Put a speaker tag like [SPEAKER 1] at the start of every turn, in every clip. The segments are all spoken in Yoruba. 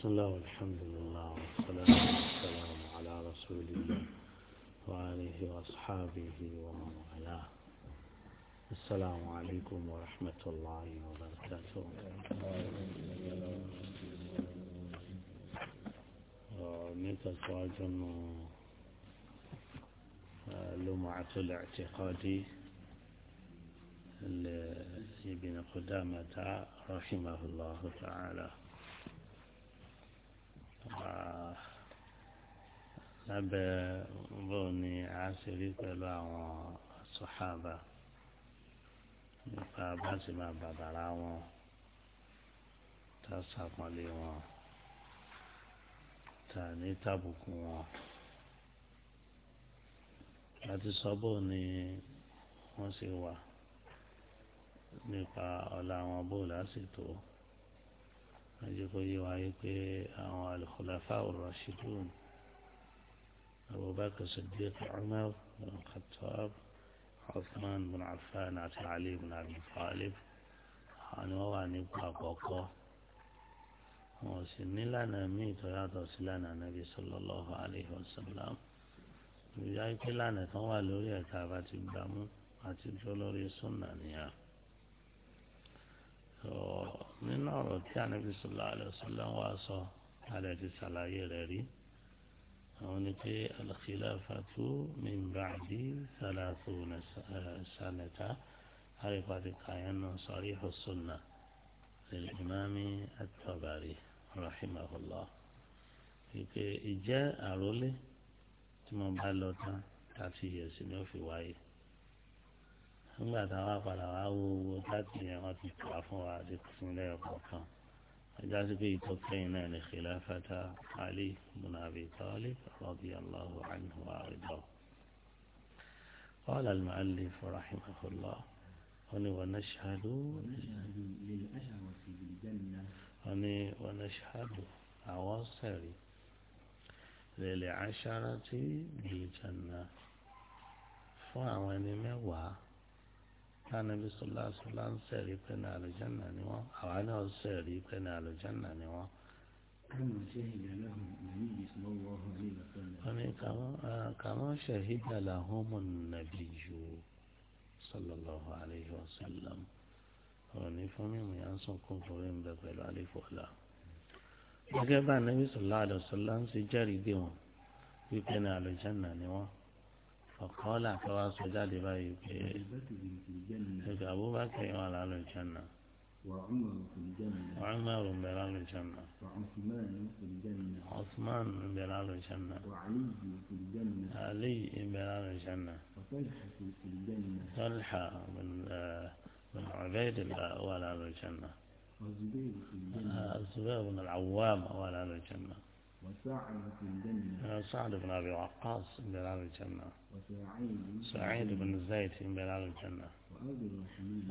[SPEAKER 1] بسم الله والحمد لله والصلاة والسلام على رسول الله وآله وأصحابه ومن والاه السلام عليكم ورحمة الله وبركاته نتزواج آه، لمعة الاعتقاد يبين قدامة رحمه الله تعالى Ah, lábẹ́ bóun ni a ṣe rí pẹ̀lú àwọn sọ́hábà nípa bá sì máa bàbàrà wọn tá a ṣàpọ́nlé wọn tá a ní tàbùkù wọn láti sọ bóun ni wọ́n ṣe wà nípa ọ̀la àwọn bóun lásìkò ajẹ́ kó yé wáyé pé àwọn alùkùlàfà ar-rashidun abubakar siddiq umar bin khattab uthman bin affan àti ali bin abi talib àwọn ni wọ́n wà nípò àkọ́kọ́ wọn ò sì nílànà míì tó yàtọ̀ sí lànà nàbí sallallahu alayhi wa sallam ìyá ìpínlànà kan wà lórí ẹ̀ka àbátí gbàmú àti dúró lórí nìyà nínú ọ̀rọ̀ tí ànábi sọlá alẹ́sọlá wa sọ alẹ́ ti ṣàlàyé rẹ̀ rí àwọn ni pé al-khilafatu min ba'di thalathuna sanata àríkàtì kàyánù sarihu sunnah lil-imam at-Tabari rahimahullah ìpè ìjẹ́ àrólé tí mo bá lọ tán thirty years ni ó wáyé nígbà táwa padà wá wo owó láti yẹn wọn ti kà fún wa àti kùsùnlẹ̀ ọ̀kọ̀ọ̀kan ọjà sí pé ìtọ́kẹ́yìn náà ní khilafata Ali ibn Abi Talib radiyallahu anhu wa ardahu. قال المؤلف رحمه الله أني ونشهد أني ونشهد عواصري للعشرة بالجنة فأواني مواهب tánàbí sọlá sọlá ń sẹ̀rí pé ní àlùjánnà ni wọ́n àwa náà sẹ̀rí pé ní àlùjánnà ni wọ́n. wọ́n ní kàmọ́ ṣẹ̀hídà làhùnmù nàbí yù sọlọ́lọ́hu àleyhi wa sàlám ọ̀rọ̀ ní fọ́mìmù yà ń sọ kó forí ń bẹ pẹ̀lú àlefọ́lá. gẹ́gẹ́ bá nàbí sọlá àlùsọlá ń ṣe jẹ́rìí dé wọn wípé ní àlùjánnà ni wọ́n. فقال كواس جاد باي أبو بكر وعلى الجنة وعمر في الجنة وعمر بلال الجنة وعثمان في الجنة عثمان بلال الجنة وعلي في الجنة علي بلال الجنة وطلحة في الجنة طلحة من من آه، عبيد الله ولا الجنة وزبير آه، في الجنة الزبير بن العوام ولا الجنة سعد بن أبي وقاص من بلال الجنة سعيد بن زيد من بلال الجنة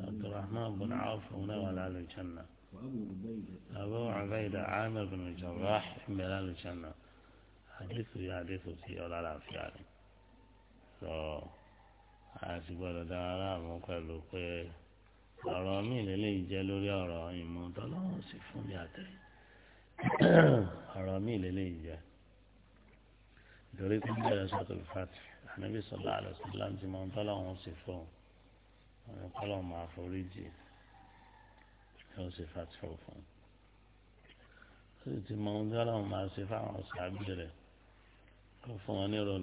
[SPEAKER 1] عبد الرحمن بن عوف من بلال الجنة
[SPEAKER 2] أبو عبيدة
[SPEAKER 1] عامر بن الجراح من بلال الجنة حديث يحدث في ولا لا في يعني so àsìkò ọ̀dọ̀ aráàmú pẹ̀lú pé ọ̀rọ̀ mi lè lè jẹ́ lórí ọ̀rọ̀ ìmọ̀ tọ́lọ́run sì fún mi àtẹ̀yìn ọ̀rọ̀ mi lélẹ́yìí jẹ́ ìdórí kún bẹ̀rẹ̀ sọ́tò fati ànábì sọ̀lá àlọ́sílám tí mọ̀ ń tọ́lá wọn sì fún un wọn kọ́lá wọn máa forí jì yóò sì fati fún un ó sì ti mọ̀ ń tọ́lá wọn máa ṣe fáwọn sàbí rẹ̀ ó fún wọn nírọ̀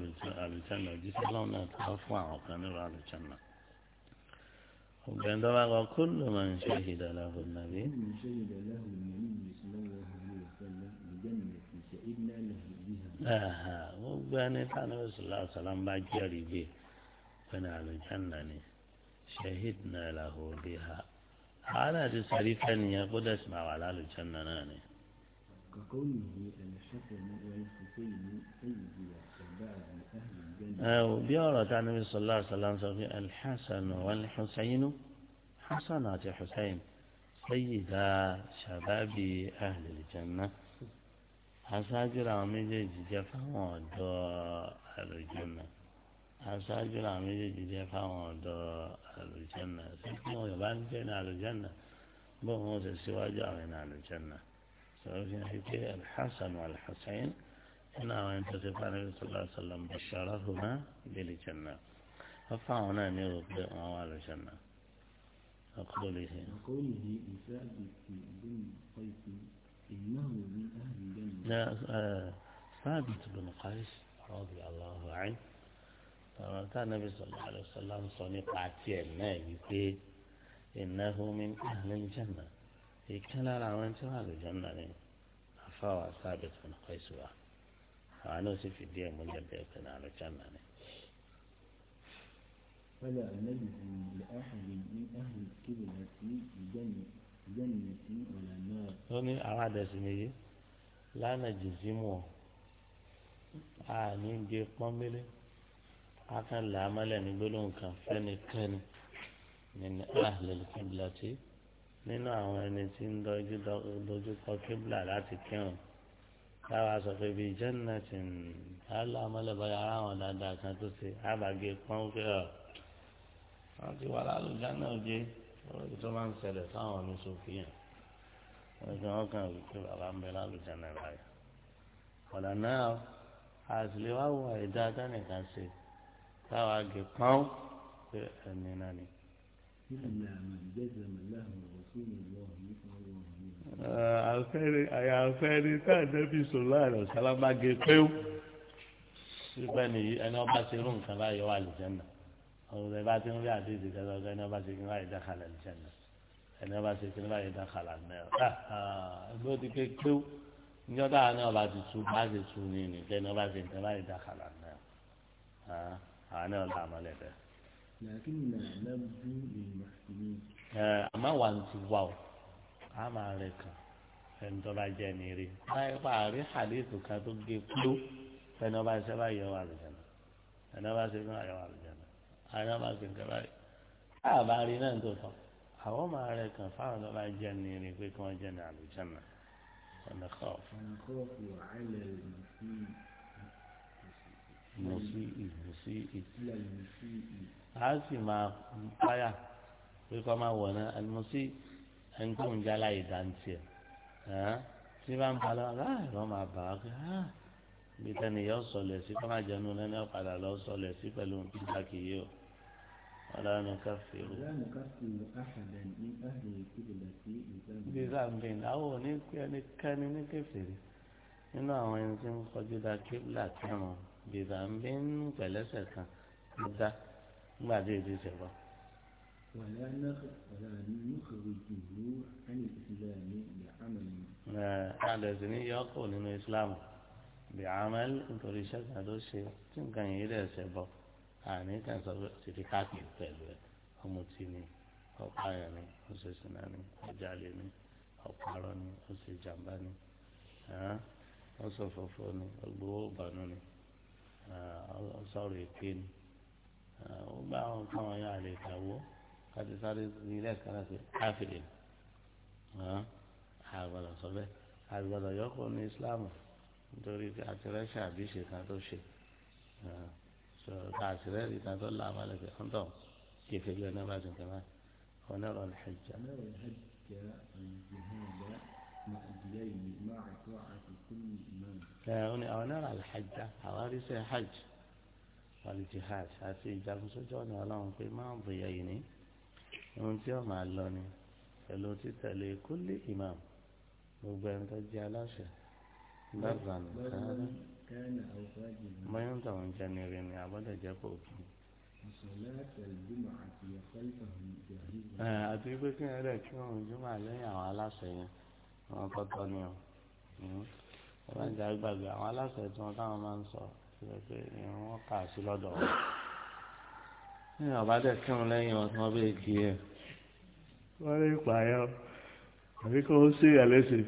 [SPEAKER 1] àlùjáná jíṣẹ́ lọ́wọ́ náà tó fún àwọn kan nírọ̀ àlùjáná obìnrin tó bá máa ń ṣe ìdàlẹ́ ọ̀hún
[SPEAKER 2] وسلم لجنة شهدنا له بها
[SPEAKER 1] وبني تعالى صلى الله عليه وسلم بعد جاري به فنا الجنة شهدنا له بها على رسالة يا قدس ما على الجنة ناني
[SPEAKER 2] كقوله الحسن والحسين سيدي بعد أهل الجنة
[SPEAKER 1] وبيارة النبي صلى الله عليه وسلم الحسن والحسين حسنات حسين sẹ́yìdá ṣàbábì àlùjànnà aṣáájú làwọn méjèèjì jẹ́ fáwọn ọ̀dọ́ àlùjànnà aṣáájú làwọn méjèèjì jẹ́ fáwọn ọ̀dọ́ àlùjànnà sẹ́kùn yorùbá ń jẹ́ ní àlùjànnà bóun ó sì síwájú àwọn ní àlùjànnà sọ̀rọ̀ fi hàn pé alḥasan wa alḥusain nínú àwọn ẹni tó ti fa ní bisalòlá sàlám bàṣàrà hùmá bẹ́ẹ̀ lè jẹ́ fáwọn náà ní rò pé wọ́n wà àlùjànnà. وقوله ثابت بن قيس رضي الله عنه فمتى النبي صلى الله عليه وسلم صنيق عتيل نايبي إنه من أهل الجنة يكلا لعوان تهال الجنة فهو ثابت بن قيس وعنوسي في الدين مجبئة على الجنة
[SPEAKER 2] فلا نجد لأحد من أهل القبلة بجنة ولا نار.
[SPEAKER 1] lóní àwọn àdẹ̀sí nìyí lánàá jìzí mu ọ àní ń gbé pọ́nbélé akàn làámálẹ̀ ní gbólóhùn kan fẹ́nikẹ́ni nínú àhìlẹ̀ kíbla tí nínú àwọn ẹni tí ń dojú kọ kíbla láti kírun táwa sọ pé bíi jẹ́nìtì ń làámálẹ̀ báyà ara àwọn dáadáa kan tó ṣe àbàgé pọ́nbélé ọ̀ wọ́n ti wà lálùjá náà jẹ́ orí tó máa ń ṣẹlẹ̀ sáwọn ní sọ́fíà wọ́n ti wọ́n kàn wí pé bàbá ń bẹ lálùjá náà báyìí ọ̀dà náà àṣìlè wá wọ àìdá tánìkan ṣe táwa gè pọ́n pé ẹni náà ni. àyàfẹ́ni tá a dẹ́bi sọ̀rọ̀ àrẹ ọ̀sálàmágé pé ó sípẹ́ nìyí ẹni ọba ṣe irú nǹkan láyọ̀ wà àwọn ọ̀rẹ́ bá ti ń rí àdéhùn kan lọ́gán ẹni ọba ṣe kí wọ́n àyẹ̀dá kalẹ̀ ní jẹ́nà ẹni ọba ṣe kí wọ́n àyẹ̀dá kalẹ̀ mẹ́rọ. Ah, ah, ẹgbẹ́ ó ti ké kéw níjọ́ táwọn ní ọba ti tu bá ṣe tu ní ní kẹ́ni ọba ṣe kí wọ́n àyẹ̀dá kalẹ̀ mẹ́rọ. Ah, àwọn náà là mọ́lẹ̀ bẹ́ẹ̀. àmọ́ wà ní ti wà o a máa rẹ̀ kàn ẹni tó bá jẹ́ ní rí. báyìí pàrí àyà máa sì ń kẹ́ báyìí káàbá rí náà ń tó tán àwọn máa rẹ̀ kàn fáwọn tó bá jẹ́ ní irin pé kí wọ́n jẹ́ ní àlùjànnà ọ̀nà kọ́ọ̀fù. mùsí ìmùsí ì a sì máa páyà pé kọ́ máa wọ̀ náà àlùmùsí ẹni tó ń jálá ìdáǹtì ẹ̀ tí bá ń balọ̀ láàárọ̀ máa bà á pé á bí tẹ́niyàn sọlẹ̀ sí kọ́ máa jẹun lẹ́nu ọ̀padà lọ sọlẹ̀ sí pẹ̀lú ìgbà kìí o. ولا نكفر ولا نكفر
[SPEAKER 2] أحدا من أهل القبلة بذنب
[SPEAKER 1] أو نكن نكفر nínú àwọn ẹni tí ń kọjú da kíbla kírun bìbà ń bí ń pẹ̀lẹ́sẹ̀ kan ló dá nígbà tí èdè ṣẹ̀fọ́. àdẹ̀sí eh, ní yọkọ̀ nínú islam bí amẹ́lì nítorí iṣẹ́ kan ṣe tí nǹkan yìí rẹ̀ ṣẹ̀fọ́ àní kan sọ pé ti fi káàkiri pẹ̀lú ẹ ọmọ tí ni ọ̀pá ẹ̀ ni ó ṣe sinà ni ọjà lè ni ọ̀parọ́ ni ó ṣe jàmbá ni ó sọ fọfọ ni ọgbọ́wọ́ ìbànú ni ó sọ̀rọ̀ èké ni ó bá àwọn káwọn yà lè kàwọ́ káti sáré nílẹ̀ kára sí káfíìn àgbàdo sọ bẹ́ẹ̀ àgbàdo yọkọ̀ ní Islam nítorí àtẹrẹ́ṣà àbí ìṣèkà tó ṣe káàsì rẹ̀ rí tàǹtọ́ là má lẹ́sẹ̀ ọ̀ńtọ̀ kẹfẹ́ bí ọ̀nà bá ti kẹ́ máa ọ̀nà rọ̀ lẹ́jà. ẹ̀hún ni ọ̀nà rọ̀ lẹ́jà àwọn arísẹ́ hajj wàlìjihad àti ìjagun sójú ọ̀nà ọlọ́run pé máa ń bòyá yìí ní ohun tí ó máa lọ ni pẹ̀lú títẹ̀lé kúlé ìmáàmù gbogbo ẹni tó bóyá ń tọ̀hún jẹ́ ní rí ni àbọ̀dọ̀ jẹ́ kó kí. àti pé kí ẹ rẹ̀ kí wọ́n jùmọ̀ lẹ́yìn àwọn aláṣẹ yẹn wọn kọ́tọ́ ni o ẹ má jẹ́ àwọn aláṣẹ tí wọ́n táwọn máa ń sọ síbẹ̀ pé wọ́n kà sí lọ́dọ̀ wọn. ní àbádẹ́ kí wọ́n lẹ́yìn wọn tí wọ́n bẹ́ẹ̀ kí ẹ wọ́n lè pààyàn àbí kí wọ́n ṣe ìyàlẹ́sẹ̀.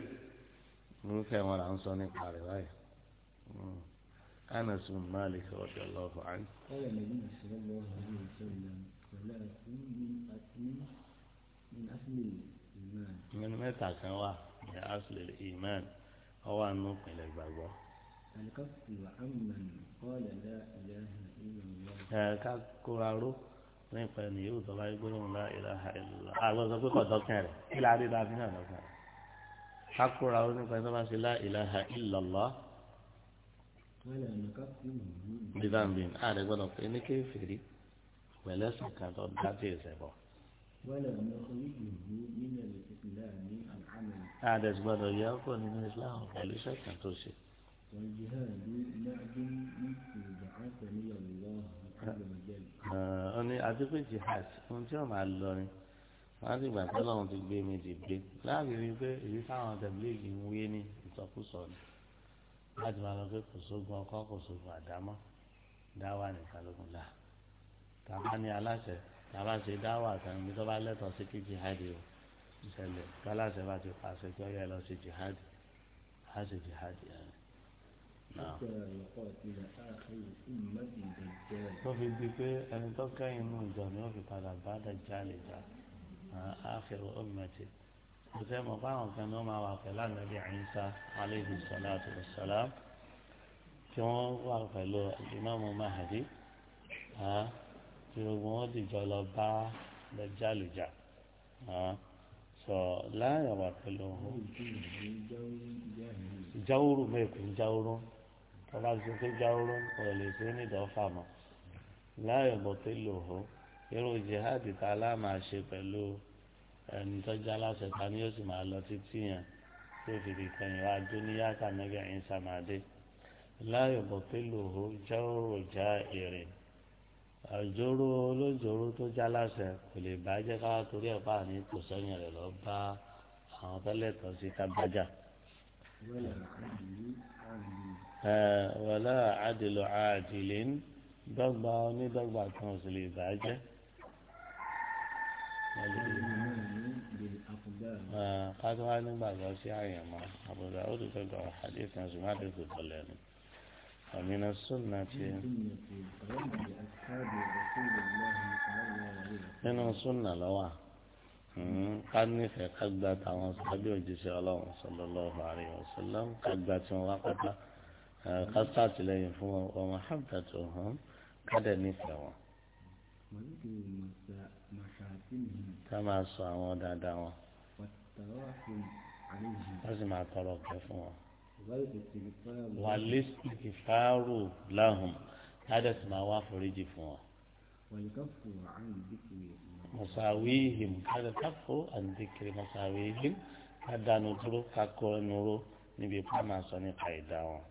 [SPEAKER 1] orúkọ ẹ̀ wọn là ń sọ nípa rẹ̀ báyìí. أنس بن مالك رضي الله عنه
[SPEAKER 2] قال النبي صلى الله عليه وسلم ثلاث من أثم
[SPEAKER 1] من أثم الإيمان من متى كان واحد من أصل الإيمان هو أن نؤمن بالبابا
[SPEAKER 2] الكف عمن قال لا إله إلا الله
[SPEAKER 1] كاكورارو nípa ẹni yóò tọ́lá gbólóhùn lá ìlàhà ìlà àwọn sọ pé kọ̀dọ́kẹ́ rẹ̀ kí láàrin dáa fi hàn lọ́kàn rẹ̀ kákúra ó nípa ẹni tó bá ṣe lá ìlàhà ìlàlá bíbáǹbì ààrẹ gbọ́dọ̀ pé ní kéfèrí pẹ̀lẹ́sìn kan tó dájú ìṣẹ̀bọ̀. ààrẹ gbọ́dọ̀ yọ ọkọ nínú islam pẹ̀lú iṣẹ́ kan tó ṣe. ọ ní àti pé jihad ohun tí wọn máa lọ ni wọn á sì gbà pé Ọlọ́run ti gbé mi dìgbé láàbì wípé èyí táwọn tẹ̀lé yìí ń wé ní ìsọkúsọ ni láti máa lọ pé kò sógun ọkọ kò sógun àdámọ́ dáwà nìkan lógun là tàbá ní aláṣẹ tàbá ṣe dáwà àtàwọn tó bá lẹ́tọ̀ọ́ sí kí jihadi o ìṣẹ̀lẹ̀ tọ́láṣẹ bá ti pàṣẹ kí ọyẹ lọ sí jihadi á sì jihadi yẹn. tó fi di pé ẹni tó kẹ́yìn nù ìjọ ni ó fi padà bá dájà lè jà áfẹ́rù ọ̀mẹ́tì kò sẹ́ mọ̀ fáwọn kan ní wọ́n máa wà pẹ̀lú ànábì Ìsá alayhi salatu wassalam tí wọ́n wà pẹ̀lú ìmáàmù Mahdi tí gbogbo wọn dìjọ lọ bá lọ́jàlùjà sọ láàyè wà pẹ̀lú jáwóró mẹ́ẹ̀kún jáwóró tọ́lá ti pé jáwóró ọ̀rọ̀ lè ṣe ní ìdọ́fà mọ́ láàyè bọ̀ pẹ̀lú irú jihadi tá a lá máa ṣe pẹ̀lú ẹni tọ́jà aláṣẹ ta ni yóò sì máa lọ títí yẹn tí ó fi di kẹyìn wá jó ní yáàkà mẹ́gà ń sàmàdé láyò bọ̀ pé lòó jọ́rò já èrè àjòrò olójòrò tó já láṣẹ kò lè bàjẹ́ káwá torí ẹ̀ pa àní tò sẹ́yìn rẹ̀ lọ bá àwọn tọ́lẹ̀tọ̀ sí tábàjà. wàlá àdìlọ àdìlẹ́ dọ́gba onídọ́gba kan sì lè bàjẹ́. Thank kátó wá nígbàgbọ́ sí àyànmọ́ àbúrò ó ti tọ́jú hadith náà ṣùgbọ́n àti kò tọ́lẹ̀ ni ومن السنة nínú súnà lọ́wọ́ ká nífẹ̀ẹ́ ká gba tàwọn sábẹ́ òjíṣẹ́ ọlọ́run sallallahu alaihi wasallam ká gba tí wọ́n wá pátá ká sàtìlẹ́yìn fún wọn ọmọ hábàtò hàn ká dẹ̀ nífẹ̀ẹ́ wọn. ká máa sọ àwọn dáadáa wọn wọ́n sì máa tọrọ ọ̀kẹ́ fún wọn.
[SPEAKER 2] wà lẹ́sìn
[SPEAKER 1] ìfáàrò láhùn ládẹ́ sì máa wá foríjì fún wọn. mọ̀sáwíhìm ládẹ́ káfó àǹdíkiri mọ̀sáwíhìm kádàánú dúró kákó ẹnu ró níbi ipá máa sọ nípa ìdá wọn.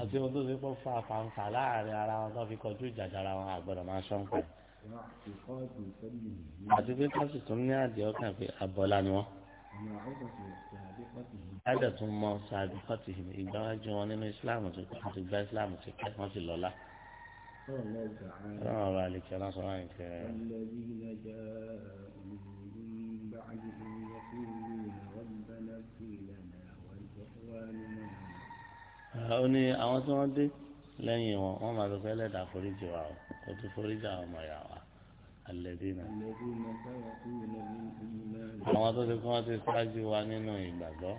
[SPEAKER 1] àti ohun tó ṣe pọ́ fún àfàǹfà láàrin ara wọn tó fi kọjú ìjà ara wọn àgbọ̀dọ̀ máa ṣọ́ǹpẹ̀ àti pé káàsì tó ń ní àdìẹ ọkàn pé abọ́lá ni wọ́n. Ádà tún mọ sàbí kọ́tì ìgbáwájú wọn nínú Ìsìláàmù tó kọ́ àti gba Ìsìláàmù tó kẹ́ wọ́n sì lọ́lá. Ọlọ́run ọba àlèkè ọlọ́sọ wà nìkẹ́. Ó ní àwọn tí wọ́n dé lẹ́yìn wọn, wọ́n máa lọ fẹ́ lẹ́dàá foríjì wa o ó tún foríjì àwọn ọmọ ìyá wa alẹ́dínà. àwọn tó ti kọ́ wọn ti ṣáájú wa nínú ìgbàgbọ́.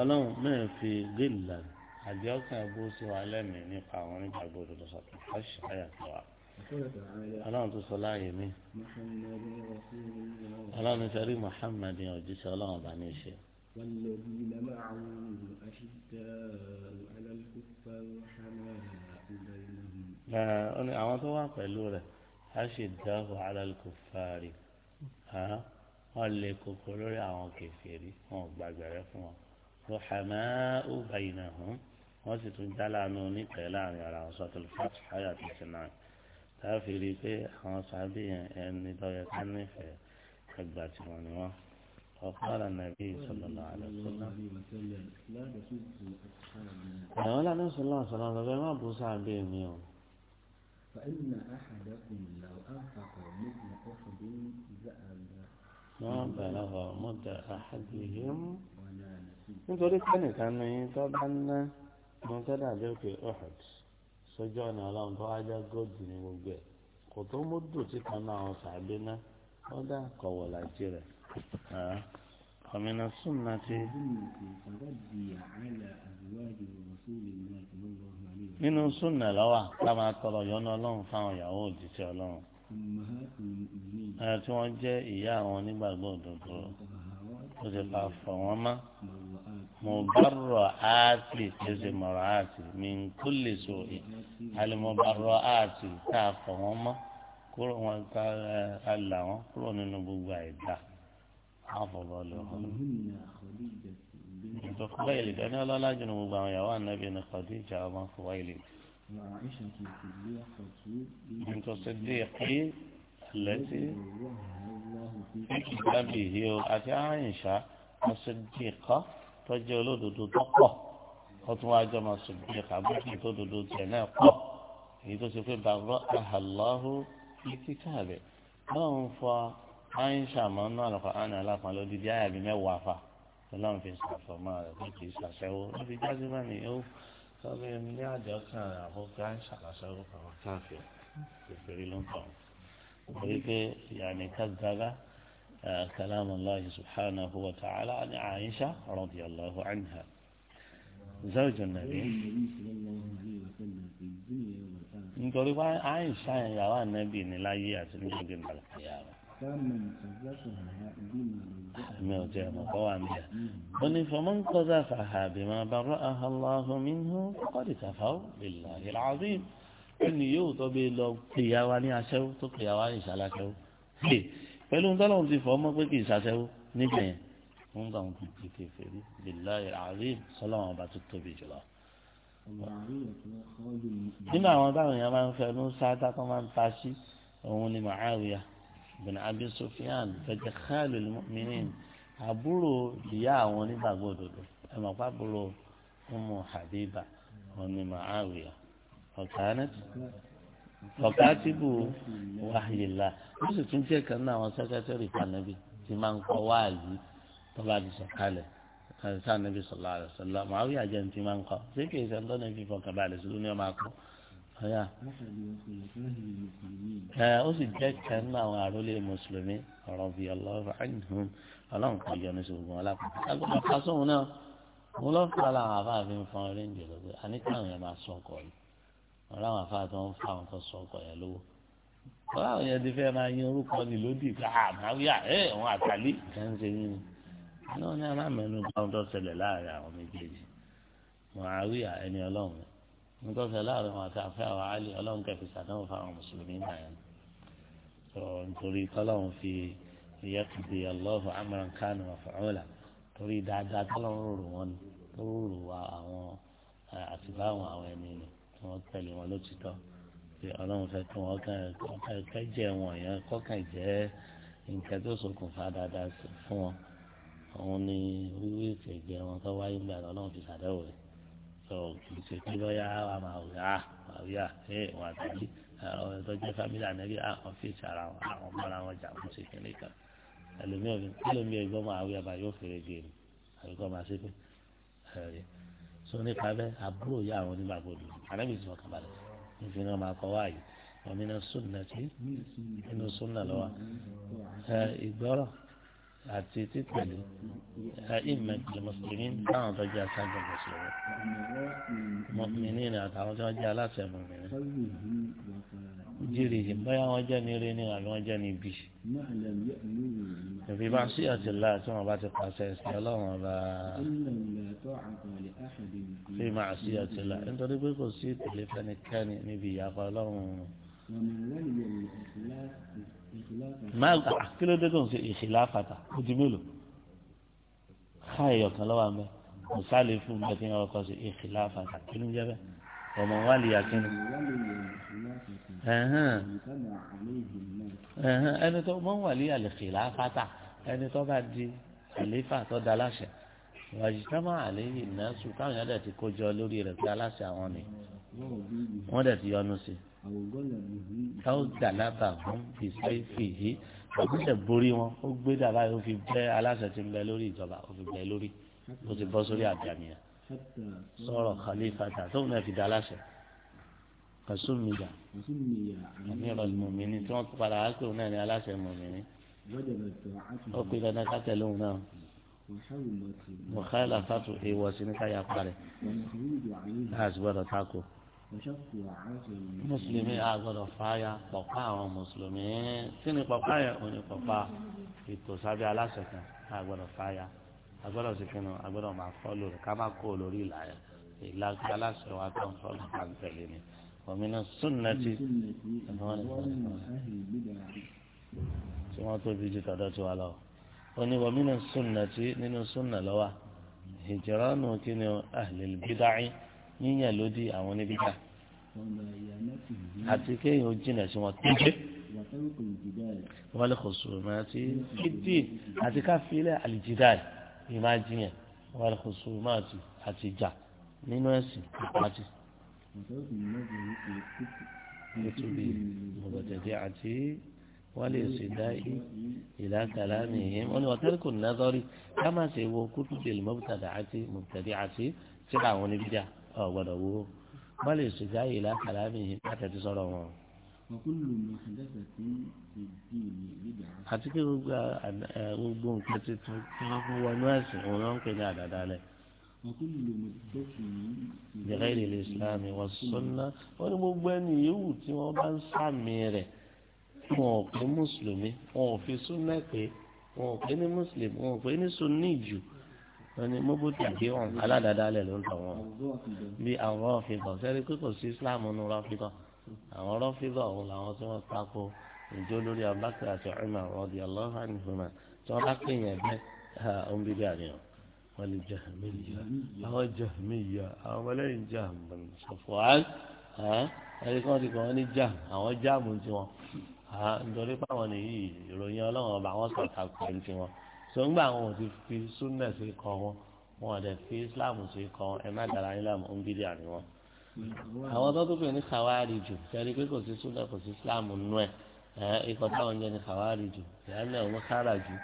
[SPEAKER 1] ọlọ́run náà fi gíìlà àjẹ́ ọkàn ẹ̀bú sí wa lẹ́mìí nípa àwọn onígbàgbọ́ òdodo sọ̀tún fáṣí àyàtọ̀ wa. ọlọ́run tó sọ láàyè mi. ọlọ́run sẹ́rí muhammed ọ̀jíṣẹ́ ọlọ́run bá ní í ṣe.
[SPEAKER 2] والذين معه أشداء على الكفار رحماء بينهم
[SPEAKER 1] أنا أعوذ واقع لولا أشداء على الكفار ها wọ́n lè koko lórí àwọn kèfèrí wọn ò gbàgbẹ́rẹ́ fún wọn ruhamau bainahum wọ́n sì tún jálàánú nípẹ́ láàrin ara wọn sọ́tò fati haya twenty nine táà fi rí i pé àwọn sábẹ́ yẹn ẹni lọ́yẹ ká nífẹ̀ẹ́ ẹgbàá tí wọ́n ni wọ́n. فقال النبي صلى الله عليه وسلم لا ولا نفس الله صلى الله عليه وسلم ما بوسع بهم يوم
[SPEAKER 2] فإن أحدكم لو أنفق مثل أحد ذهب
[SPEAKER 1] ما بلغ مد أحدهم nítorí kẹ́nìkan ní tó bá ń ná mo tẹ́lá lókè ọ̀hún sójú ọ̀nà ọlọ́run tó wájá góòdì ní gbogbo ẹ̀ ومن السنة nínú súnà lọ́wọ́ ká máa tọrọ yọ́nú ọlọ́run fáwọn ìyàwó òjíṣẹ́ ọlọ́run tí wọ́n jẹ́ ìyá àwọn onígbàgbọ́ òdodo ó sì fà fọ̀ wọ́n mọ́ mo bárò áàtì tó ṣe mọ̀rọ̀ áàtì mi ń kó lè so àlùmọ̀bárò áàtì tá حافظ أفضلهم أنت خويلد أنا لا لا جنوب بعض يوان نبي خديجة أما خويلد أنت صديقي التي أبيه أتي عائشة الصديقة دودو تطقه خطوة جمع الصديقة ممكن دودو تناقه إذا سفر بغاءها الله في كتابه ما هو aisha máa ń ná àlọ́kọ̀ àná aláfọ̀n ló dídí àyà bíi mẹ́wàá fà lọ́n fi ṣàfọ̀ ṣàfọ̀mọ́ rẹ̀ fún kì í ṣàṣẹ́wó ó fi jáde bá mi ó sọ sọ́mi ní àjọ kan àwọn àkókò aisha lọ́sọ̀rọ̀ kan káfíọ̀ kékeré ló ń tọ̀ torí pé yàní kàdága kàlámù aláhi subhanahu wa ta'ala ní aisha radiyallahu anha zawjù nàbí nítorí pé aisha yàrá nàbí ní láyé àti nígbàgbé
[SPEAKER 2] nàlàkìyàrá. mi
[SPEAKER 1] ò tiẹ̀ mọ̀ kọ́ wà mí ẹ̀. ó ní fọmọ́ ń kọ́ sáfà àbí máa bá rọ́ ahàláhùn mi hù kọ́dì kàfà ó lèlà ìlà ọ̀dín. ẹni yóò tọ́ bí lọ pèyà wa ní aṣẹ́wó tó pèyà wa ní ìṣàlàṣẹ́wó. pẹ̀lú tọ́lọ́run ti fọ́ pé kì í ṣaṣẹ́wó níbẹ̀ yẹn. ó ń dàrún kìkì kẹfẹ́ rí lèlà ìlà ọ̀dín sọ́lọ́run ọba tó tóbi jùlọ. nínú àwọn táwọn èèyàn máa ń fẹnu sáátá tó bin abi sufyan gẹ́gẹ́ khalil mu'minin àbúrò ìyá àwọn onígbàgbọ́ òdodo ẹ mọ̀ pa àbúrò umu habiba ọ̀nì ma'awiya ọ̀kánẹ́t
[SPEAKER 2] ọ̀kátìbù
[SPEAKER 1] wàhálà ó sì tún jẹ́ kan náà àwọn sẹ́kẹ́tẹ́rì kanabi ti máa ń kọ́ wáàlì tó bá ti sọ̀kalẹ̀ sáà nàbì sallallahu alaihi wasallam ma'awiya jẹ́ ní ti máa ń kọ́ sí kìí sẹ́ńtọ́ nàbì fọkàbalẹ̀ sí lónìí ọmọ akọ́ ó sì jẹ́ kan nínú àwọn àrólé mùsùlùmí radiyallahu anhum ọlọ́run kan yọ ní sọ̀rọ̀ wọn lápapọ̀ agbọ́dọ̀ ká sóhun náà mo lọ́ fà láwọn àfáà fi ń fọn oríǹjẹ lọ́gbẹ́ àníkà àwọn yẹn máa sọ ọkọ̀ yìí wọn láwọn àfáà tó ń fà wọn tó sọ ọkọ̀ yẹn lówó wọn láwọn yẹn ti fẹ́ máa yan orúkọ ní lódì ká àmàwíyà ẹ̀ wọn àtàlí kan ṣe yín ni náà ní àmàmẹ́nu bá tó ṣẹlẹ̀ láàrin àwọn méjèèjì nítorí ọ̀sẹ̀ láàrin wọn àti àfẹ́ àwọn àlè ọlọ́run kẹfì sàdánwò fáwọn mùsùlùmí náà yẹn tó nítorí tọ́lọ́run fi ìyẹ́kùdì ọlọ́ọ̀fù amúran kánú ọ̀fọ̀ọ́là torí dáadáa tọ́lọ́run rò wọn ni tó rò wá àwọn àtìbáwọn àwọn ẹni ni tí wọ́n tẹ̀lé wọn lótìtọ́ pé ọlọ́run fẹ́ kí wọ́n kẹ́jẹ́ wọn yẹn kọ́kàn jẹ́ nǹkan tó ṣokùnfà dáadáa fún wọn òun ni wíwí ìtẹ̀jẹ́ wọn tó wáyé gbà ọlọ́run fi sàdánwò rẹ̀ tó kì í ṣe pé bóyá wà máa wíyà wà wíyà ẹ wà tàbí àwọn ẹ̀tọ́ jẹ́ fámílì ànẹ́bí àwọn fèsì ara wọn àwọn ah, mọ́ra wọn jà wọ́n ṣe kìnìún kan ẹlòmíì ẹ̀gbọ́n máa wíyà bá yóò fèrè gèrè àbíkọ́ máa ṣe pé ẹ̀rẹ̀ sọ nípa bẹ́ẹ̀ àbúrò yá àwọn onígbàgbọ́ òdòdó ànẹ́bí ti fọkàn balẹ̀ nífi náà máa kọ́ wáyé ọ̀mìnà súnà tí nínú súnà lọ́wọ́ ìgbọ́rọ̀ àti títẹ̀lé ìmọ̀ ìpìlẹ̀ mùsùlùmí táwọn tó jẹ́ aṣáájú mùsùlùmí mọ̀mìnì ni àtàwọn tó jẹ́ aláṣẹ mọ̀mìnì jírí yìí bóyá wọ́n jẹ́ ní rí ni àbí wọ́n jẹ́ ní bí. ìfi bá sí àti láà tí wọ́n bá ti pàṣẹ ẹ̀sìn ọlọ́run ọba fi máa sí àti láà nítorí pé kò sí ìtẹ̀lé fẹ́nikẹ́ni níbi ìyàpá ọlọ́run máa kí ló dé tó ń ṣe ìṣìlá fata ó di mélòó ká èèyàn kan lọ́wọ́ àmẹ́ mùsàlẹ̀ fún mi kí n yọrọ kọ́ sí ìṣìlá fata kí ló ń jẹ́ bẹ́ẹ̀ ọmọ wa lè yà kínní. ẹni tó mọ̀ ń wà líyà lè ṣìlá fata ẹni tó bá di àlééfà tó da láṣẹ ìwà jìtámà àléyìn náà sùn káwọn yàrá ti kó jọ lórí rẹ̀ pé aláṣẹ àwọn nìyí wọ́n dẹ̀ ti yọnu sí táwọn gàlábà fún ìsáyéfì yìí àbúṣe borí wọn ó gbé dàbá yìí ó fi bẹ́ aláṣẹ ti ń bẹ lórí ìjọba ó fi bẹ́ lórí ó ti bọ́ sórí àjàmíà sọ̀rọ̀ khalifa ta tó ń fi dá aláṣẹ kàṣùmìyà àmì ìrọ̀lùmọ̀mìnì tí wọ́n padà wá pé òun náà ní aláṣẹ mọ̀mìnì ó pe dandan ká tẹ̀lé náà mọ̀kálà fàtó èèwọ̀ sí ní ká parẹ́ láti gbọ́dọ̀ tako mùsùlùmí àgọ́dọ̀ fàáyà pọ̀pá àwọn mùsùlùmí kí ni pọ̀pá yẹn ò ní pọ̀pá ètò sábẹ́ aláṣẹ kan àgọ́dọ̀ fàáyà àgọ́dọ̀ sì kinu àgọ́dọ̀ máa fọ́ lórí ká má kó lórí ìlà yẹn ìlà aláṣẹ wa tó ń fọ́ lórí ká tẹ̀lé ni òmìnira súnà ti tí wọ́n tóbi ju tọ̀dọ̀ tí wà lọ. ó ní òmìnira súnà ti nínú súnà lọ́wọ́ hijranu kí ni ahlil yíyàn lódì àwọn oníbíjà àti kéèyàn ó jìnà sí wọn kéde wọ́n lè kò sùn máa ti fídì àti káfílẹ̀ àlìjídàì yìí máa jiyàn wọ́n lè kò sùn máa ti àti ìjà nínú ẹ̀sìn àti kutubi mọ̀gàtẹ̀dẹ̀ àti wọ́n lè ṣe dá ìlà kàlámì yìí wọ́n lè tẹ́lẹ̀ kò ní lásọ̀rí ká má ṣe wo kutubi mọ̀gàtẹ̀dẹ̀ àti mọ̀gàtẹ̀dẹ̀ àti síra àwọn oníbíjà ọ gbọ́dọ̀ wo wọn lè sùgá yìí lákàlà mi látẹtí sọ̀rọ̀ wọn. àti kí gbogbo gbogbo nǹkan tuntun tí wọn fún wọnú ẹsìn òun náà ń pè ní àdáda lẹ. bẹ̀rẹ̀ ìlú islam wọ́n sọ́nà wọ́n ní gbogbo ẹni yòówù tí wọ́n bá ń sàmì rẹ̀ wọn ò pé mùsùlùmí wọn ò fi súnmẹ́ pé wọn ò pé ní mùsùlùmí wọn ò pé ní sunni jù wọn ni mọ́bùtì àdéhùn aládàádálẹ̀ ló ń tọ̀ wọn bí àwọn rọ́ọ̀fìkọ̀ sẹ́ni pé kò sí islam nínú rọ́ọ̀fìkọ̀ àwọn rọ́ọ̀fìkọ̀ ọ̀hún làwọn tí wọ́n tako ìjọ lórí abákẹ́ àti ọ̀hìnmá ọ̀dì aláhà nìfúnmá tí wọ́n bá pè yẹn bẹ́ ọ̀hún bíbí àníyàn wọ́n lè jahmiya àwọn jahmiya àwọn ọmọlẹ́yìn jahm Safwan ẹni kan ti kàn wọ́n ní jahm àwọn jahm tiwọn nítorí pé àwọn nìyí ìròyìn ọlọ́run ọba àwọn sọ̀tà pẹ̀lú tiwọn sọ̀ngbà àwọn ò ti fi súnà sí kọ́ wọn wọn ò dẹ̀ fi islam sí kọ́ wọn ẹ má dara yín láàmú ń bídí àrí wọn. àwọn tó tún pè ní kàwáàrí jù sẹ́ni pé kò sí súnà kò sí islam nú ẹ̀ ikọ̀ táwọn jẹ́ ní kàwáàrí jù ìyáná ọmọ kára jù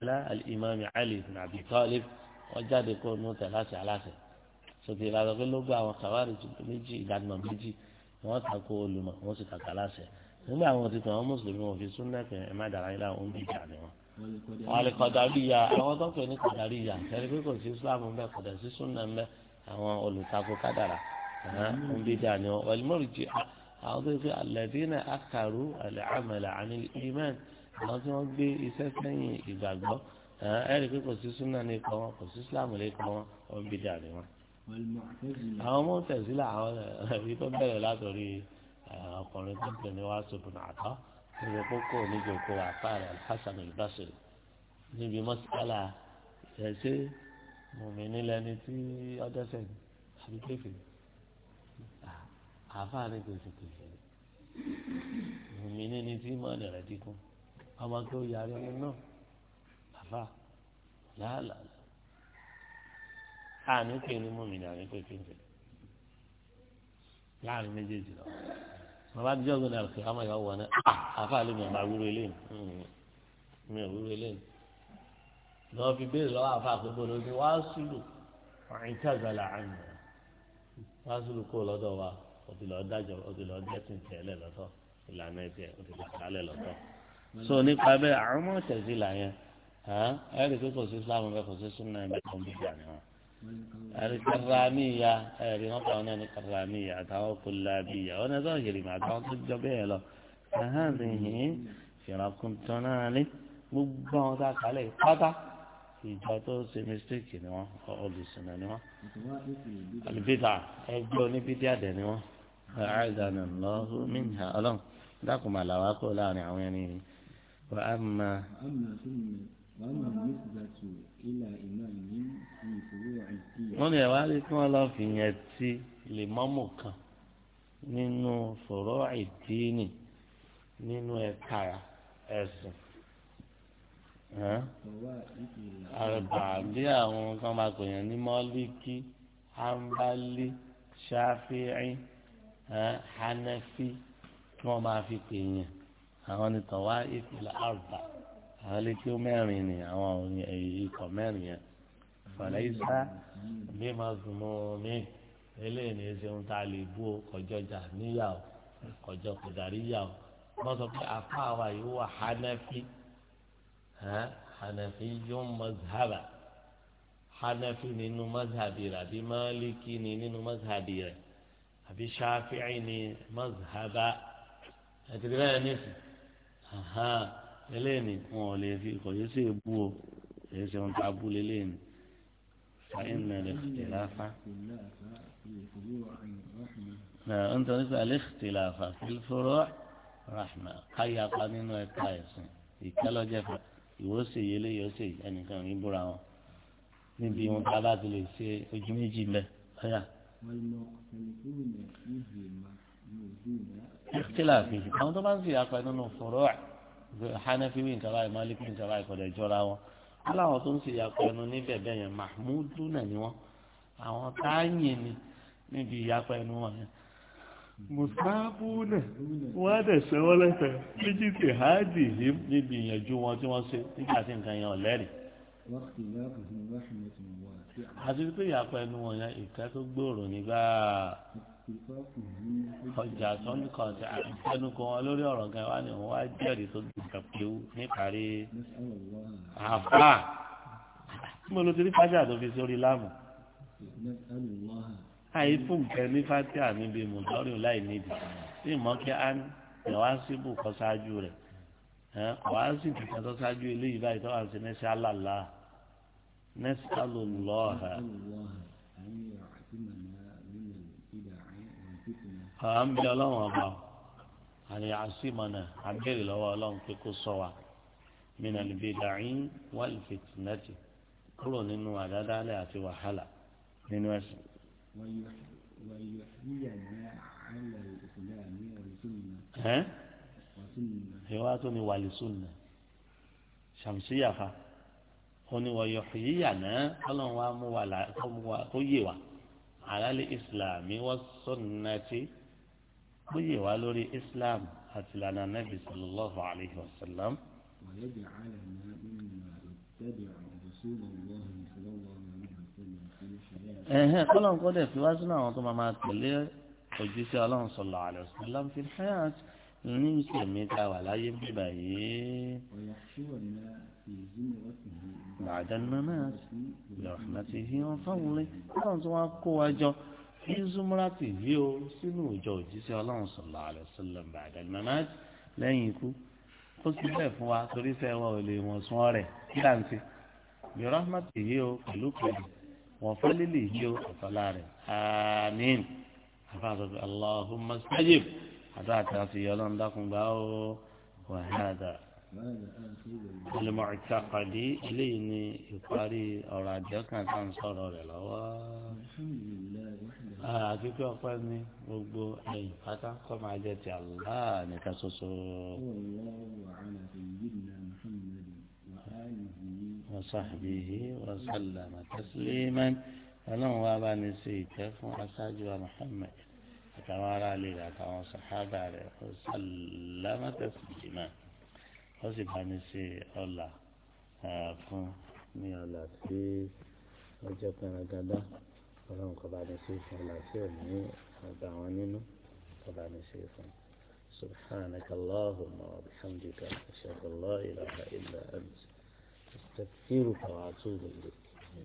[SPEAKER 1] alá alimami ali nàbí tọ́lif wọ́n jáde kó nù tẹ̀ láti aláṣẹ. sọ̀tì ìlànà pé ló gba àwọn kàwáàrí jù méjì ìdánimọ̀ méjì wọ́n tako olùmọ̀ wọ́n sì kàkà láṣẹ nígbà àwọn ti tàn án mùsùlùmí
[SPEAKER 2] wọn lè kọdàríyà
[SPEAKER 1] àwọn tó ń pè ní kọdàríyà ẹni pé kò sí islam ń bẹ kò dẹ̀ sí súnà ń bẹ àwọn olùtakò kádàrà ń bí dáa ni wọn wọlé mọ́rìjì àwọn tó ń pè alladhina akaru al-amala anil iman àwọn tí wọ́n gbé iṣẹ́ sẹ́yìn ìgbàgbọ́ ẹni pé kò sí súnà ní ipò wọn kò sí islam ní ipò wọn wọn bí dáa ni wọn. àwọn ọmọ tẹ̀sílẹ̀ àwọn ẹ̀rí tó bẹ̀rẹ̀ látọ̀rí ọkùnrin tó ń pè ní wàásù níbi kókó oníjòkó àpáàrẹ alhassan al-basri níbi mọ́sálà ìfẹsẹ̀ mùmíní lẹni tí ọdẹsẹ̀ àbí kéfì àáfàá ni kèsì kèsì mùmíní ni tí mọ́ọ̀nì rẹ̀ dínkù ọmọ kí ó yarí ọmọ náà àfà làálàá àní pé ní mùmíní àní pé kéfì láàrin méjèèjì lọ bàbá àdìjọ́ gbọ́n náà fi àmọ́ ìyàwó wọn náà àfa àlùmí ọ̀nà àwúrò eléyìí mi àwúrò eléyìí lọ́wọ́ fi béèrè lọ́wọ́ àfa àpébọ̀ lónìí wá sùlù àìtàzàlà àná wá sùlù kó lọ́dọ̀ wa òtí lọ́ọ́ dájọ́ òtí lọ́ọ́ dẹ́sìn tẹ̀lé lọ́tọ̀ ìlànà ẹ̀sẹ̀ òtí lọ́ọ́ kálẹ̀ lọ́tọ̀ so nípa bẹ́ẹ̀ àwọn ọmọ tẹ̀sí là yẹn ẹ̀rí pé kò sí Islam bẹ́ẹ̀ kò sí súnmọ́ bẹ́ẹ̀ kò ń bí alikaramiya ẹ̀rí wọn kọ́ ọ́nà ní karamiya àtàwọn kulabiya ọ̀nà tó ń yẹlẹ̀mọ̀ àtàwọn tó jọ bẹ́ẹ̀ lọ ahán ti hìn fìràkùn tán náà ní gbogbo àwọn tá a kálẹ̀ pátá ìjọ tó ṣe mistake ni wọn olùsìnà ni wọn alibita ẹgbẹ́ oníbídíà dẹ̀ ni wọn àìdánù lọ́hùn mìíràn ọlọ́run dákùnmọ̀ làwọn kò láàrin àwọn ẹni wà á wọ́n ní ẹ̀wá rí kí wọ́n lọ fi yẹn ti lè mọ́mù kan nínú fòrọ́ ìdíìnì nínú ẹ̀ka ẹ̀sìn àrùbà bí àwọn kan máa pè yàn ní mọ́líkì ámbálí ṣáfíì hanafi kí wọ́n máa fi pè yàn àwọn ni tọ́wá ìpìlẹ̀ àrùbà àwọn kí ó mẹ́rin ni àwọn ikọ̀ mẹ́rin yẹn fàlẹ́ isá bí máa zùmọ́ mi eléyìí ni ṣe ń ta lè bú kọjọjà níyàwó kọjọ kọdàrí yàwó wọ́n sọ pé apá wa yìí wà hanafi hanafi yóò mazhaba hanafi nínú mazhabi rẹ̀ àbí maliki ni nínú mazhabi rẹ̀ àbí shafi'i ni mazhaba ẹ̀tẹ̀tẹ̀ bẹ́ẹ̀ ní sùn eléyìí wọn ò lè fi kò yé sí ebú o èyí ṣe wọn tó abú léléyìí fàyín nàlẹ ìlàfà nítorí pé alẹ́ ìtìláfà fílfọ́rọ́ rahma káyapa nínú ẹ̀ka ẹ̀sìn ìkẹlọ́jẹ̀fà ìwọ ṣe yẹlé yọ ṣe ẹnìkan ní búra wọn níbi wọn tá a bá ti lè ṣe ojú méjì mbẹ ọyà. ìtìláfà àwọn tó bá ń ṣe àpẹẹrẹ nínú fọ́rọ́ hanafi wí nǹkan báyìí malik wí nǹkan báyìí kọ̀dọ̀ ìjọra wọn aláwọ̀ tó ń ṣe ìyàpọ̀ ẹnu níbẹ̀ bẹ́ẹ̀ yẹn mahmudu náà ni wọ́n àwọn táyìn ni níbi ìyàpọ̀ ẹnu wọn yẹn mùsàbù náà wọ́n á dẹ̀ sẹ́wọ́ lẹ́sẹ̀ méjì tè háàdì yìí níbi ìyànjú wọn tí wọ́n ṣe nígbà tí nǹkan yẹn ọ̀lẹ́rìí. àti pé ìyàpọ̀ ẹnu wọn yẹn ìkẹ́ tó gbòòrò nígbà ọjà tó ní kọjá àtẹnukọ wọn lórí ọ̀rọ̀ gan wa ni wọn wá jẹ́rìí tó gbà péwu níparí àfà mo lọ ti rí fájà tó fi sórí láàmù àyè fún nǹkan ní fátíà níbi mùtọ́rì láì níbi tí mọ́ kí á ní wá síbù kọ́ ṣáájú rẹ̀ wá sí kìkan tó ṣáájú eléyìí báyìí tó wà sí nẹ́sàlá nẹ́sàlá lọ́ọ̀hà. àwọn ń bẹ ọlọ́run ọba àní àṣìmọ̀nà abẹ́rẹ́ lọ́wọ́ ọlọ́run pé kó sọ wa minal bid'in wal fitnati kúrò nínú àdádálẹ̀ àti wàhálà nínú ẹ̀sìn. ìwà tó ni wàlí sunna ṣàmṣíyà fa òní wọ̀yọ̀ yíyà náà ọlọ́run wa mú wa tó yé wa àlálẹ̀ ìsìlámì wọ́n sunnati bóyè wá lórí islam àti lànà nabi sallallahu alayhi wa sallam. ẹ̀hẹ́n kọ́lọ́n kọ́ dẹ̀ fi wá sínú àwọn tó máa máa tẹ̀lé òjíṣẹ́ ọlọ́run sallallahu alayhi wa sallam fi hayat ní ìsèmí tá a wà láyé bí báyìí. bàdánù náà lọ́ọ̀fù náà ti fi hàn fáwọn lé kọ́lọ́n tó wá kó wa jọ fi zumurati yìí o sínú ìjọ òjíṣẹ́ ọlọ́run sọ̀lá alẹ́ sọ̀lá bàdà mamat lẹ́yìn ikú ó sì bẹ́ẹ̀ fún wa torí fẹ́ wọn ò lè wọ̀n sún ọ̀rẹ́ kí là ń ṣe yorùbá yìí o pẹ̀lú pẹ̀lú wọ́n fẹ́lẹ́lẹ̀ yìí o ọ̀tọ́lá rẹ̀ àmín àfàṣọ allahumma sajib àti àti àti yọ lọ́nà dákúngbà o wà hádà al eléyìí ni ìparí ọ̀rọ̀ àjẹkàn tá ń sọ̀rọ̀ rẹ̀ lọ́wọ́ àkíkí ọpẹ́ ní gbogbo ẹ̀yìn pátá kọ́ máa jẹ́ ti Allah nìkan ṣoṣo. wa sahbihi wa sallama tasliman ọlọ́run wa bá ní sí ìtẹ́ fún aṣáájú wa Muhammad àtàwọn aráàlú rẹ̀ àtàwọn sàhábà rẹ̀ wa sallama tasliman ó sì bá ní sí ọ̀là fún ní ọ̀là tí ọjọ́ pẹ̀rẹ̀ gàdá. ولهم قبعد سيف لا تغني دعوانين قبعد سيف سبحانك اللهم وبحمدك أشهد الله إله إلا أنت أستغفرك وأتوب إليك